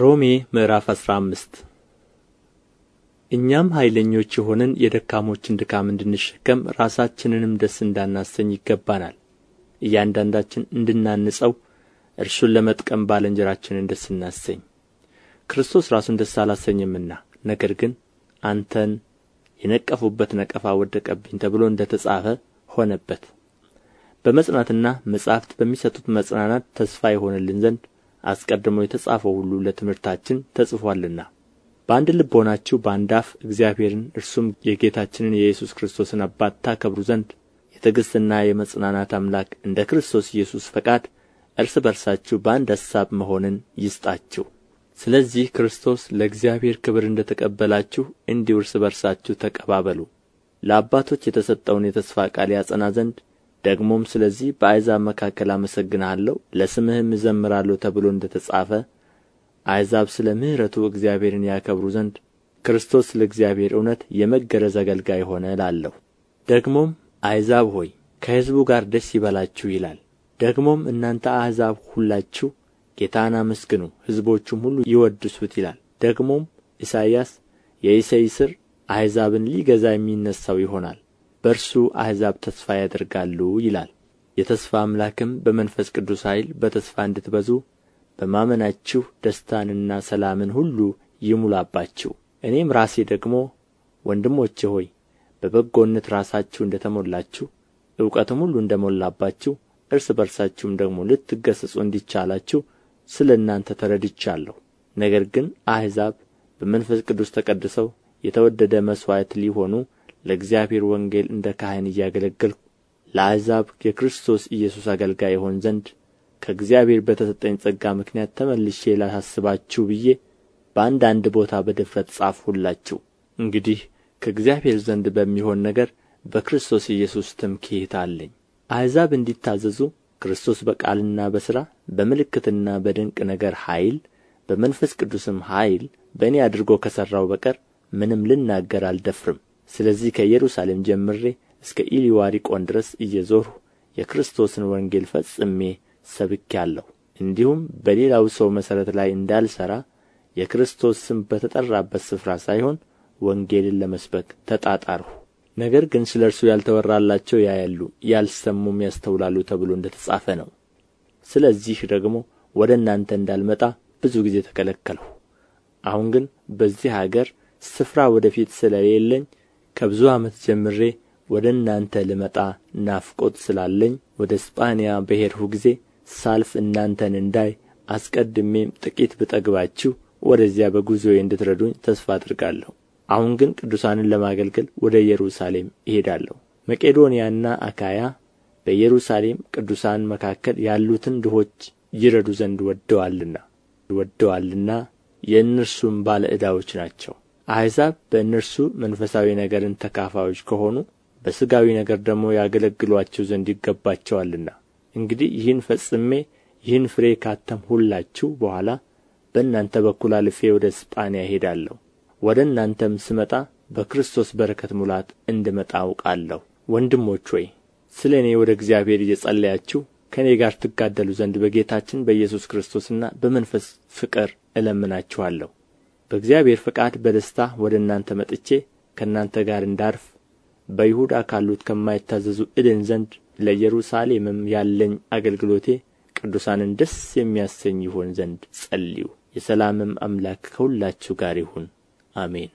ሮሜ ምዕራፍ አስራ አምስት እኛም ኃይለኞች የሆንን የደካሞችን ድካም እንድንሸከም ራሳችንንም ደስ እንዳናሰኝ ይገባናል። እያንዳንዳችን እንድናንጸው እርሱን ለመጥቀም ባልንጀራችንን ደስ እናሰኝ። ክርስቶስ ራሱን ደስ አላሰኝምና፣ ነገር ግን አንተን የነቀፉበት ነቀፋ ወደቀብኝ ተብሎ እንደ ተጻፈ ሆነበት። በመጽናትና መጻሕፍት በሚሰጡት መጽናናት ተስፋ ይሆንልን ዘንድ አስቀድሞ የተጻፈው ሁሉ ለትምህርታችን ተጽፎአልና በአንድ ልብ ሆናችሁ በአንድ አፍ እግዚአብሔርን እርሱም የጌታችንን የኢየሱስ ክርስቶስን አባት ታከብሩ ዘንድ የትዕግሥትና የመጽናናት አምላክ እንደ ክርስቶስ ኢየሱስ ፈቃድ እርስ በርሳችሁ በአንድ አሳብ መሆንን ይስጣችሁ። ስለዚህ ክርስቶስ ለእግዚአብሔር ክብር እንደ ተቀበላችሁ እንዲሁ እርስ በርሳችሁ ተቀባበሉ። ለአባቶች የተሰጠውን የተስፋ ቃል ያጸና ዘንድ ደግሞም ስለዚህ በአሕዛብ መካከል አመሰግንሃለሁ ለስምህም እዘምራለሁ ተብሎ እንደ ተጻፈ አሕዛብ ስለ ምሕረቱ እግዚአብሔርን ያከብሩ ዘንድ ክርስቶስ ለእግዚአብሔር እውነት የመገረዝ አገልጋይ ሆነ እላለሁ። ደግሞም አሕዛብ ሆይ ከሕዝቡ ጋር ደስ ይበላችሁ ይላል። ደግሞም እናንተ አሕዛብ ሁላችሁ ጌታን አመስግኑ፣ ሕዝቦቹም ሁሉ ይወድሱት ይላል። ደግሞም ኢሳይያስ የኢሰይ ሥር አሕዛብን ሊገዛ የሚነሣው ይሆናል በእርሱ አሕዛብ ተስፋ ያደርጋሉ ይላል የተስፋ አምላክም በመንፈስ ቅዱስ ኃይል በተስፋ እንድትበዙ በማመናችሁ ደስታንና ሰላምን ሁሉ ይሙላባችሁ እኔም ራሴ ደግሞ ወንድሞቼ ሆይ በበጎነት ራሳችሁ እንደ ተሞላችሁ እውቀትም ሁሉ እንደ ሞላባችሁ እርስ በርሳችሁም ደግሞ ልትገሠጹ እንዲቻላችሁ ስለ እናንተ ተረድቻለሁ። ነገር ግን አሕዛብ በመንፈስ ቅዱስ ተቀድሰው የተወደደ መሥዋዕት ሊሆኑ ለእግዚአብሔር ወንጌል እንደ ካህን እያገለገልሁ ለአሕዛብ የክርስቶስ ኢየሱስ አገልጋይ እሆን ዘንድ ከእግዚአብሔር በተሰጠኝ ጸጋ ምክንያት ተመልሼ ላሳስባችሁ ብዬ በአንዳንድ ቦታ በድፍረት ጻፍሁላችሁ። እንግዲህ ከእግዚአብሔር ዘንድ በሚሆን ነገር በክርስቶስ ኢየሱስ ትምክህት አለኝ። አሕዛብ እንዲታዘዙ ክርስቶስ በቃልና በሥራ በምልክትና በድንቅ ነገር ኃይል በመንፈስ ቅዱስም ኃይል በእኔ አድርጎ ከሠራው በቀር ምንም ልናገር አልደፍርም። ስለዚህ ከኢየሩሳሌም ጀምሬ እስከ ኢልዋሪቆን ድረስ እየዞርሁ የክርስቶስን ወንጌል ፈጽሜ ሰብኬአለሁ። እንዲሁም በሌላው ሰው መሠረት ላይ እንዳልሠራ የክርስቶስ ስም በተጠራበት ስፍራ ሳይሆን ወንጌልን ለመስበክ ተጣጣርሁ። ነገር ግን ስለ እርሱ ያልተወራላቸው ያያሉ፣ ያልሰሙም ያስተውላሉ ተብሎ እንደ ተጻፈ ነው። ስለዚህ ደግሞ ወደ እናንተ እንዳልመጣ ብዙ ጊዜ ተከለከልሁ። አሁን ግን በዚህ አገር ስፍራ ወደፊት ስለሌለኝ ከብዙ ዓመት ጀምሬ ወደ እናንተ ልመጣ ናፍቆት ስላለኝ ወደ እስጳንያ በሄድሁ ጊዜ ሳልፍ እናንተን እንዳይ አስቀድሜም ጥቂት ብጠግባችሁ ወደዚያ በጉዞዬ እንድትረዱኝ ተስፋ አድርጋለሁ አሁን ግን ቅዱሳንን ለማገልገል ወደ ኢየሩሳሌም እሄዳለሁ መቄዶንያና አካያ በኢየሩሳሌም ቅዱሳን መካከል ያሉትን ድሆች ይረዱ ዘንድ ወደዋልና ወደዋልና የእነርሱም ባለ ዕዳዎች ናቸው አሕዛብ በእነርሱ መንፈሳዊ ነገርን ተካፋዮች ከሆኑ በሥጋዊ ነገር ደግሞ ያገለግሏቸው ዘንድ ይገባቸዋልና እንግዲህ ይህን ፈጽሜ ይህን ፍሬ ካተምሁላችሁ በኋላ በእናንተ በኩል አልፌ ወደ እስጳንያ እሄዳለሁ። ወደ እናንተም ስመጣ በክርስቶስ በረከት ሙላት እንድመጣ አውቃለሁ። ወንድሞች ሆይ ስለ እኔ ወደ እግዚአብሔር እየጸለያችሁ ከእኔ ጋር ትጋደሉ ዘንድ በጌታችን በኢየሱስ ክርስቶስና በመንፈስ ፍቅር እለምናችኋለሁ። በእግዚአብሔር ፈቃድ በደስታ ወደ እናንተ መጥቼ ከእናንተ ጋር እንዳርፍ በይሁዳ ካሉት ከማይታዘዙ እድን ዘንድ ለኢየሩሳሌምም ያለኝ አገልግሎቴ ቅዱሳንን ደስ የሚያሰኝ ይሆን ዘንድ ጸልዩ። የሰላምም አምላክ ከሁላችሁ ጋር ይሁን፣ አሜን።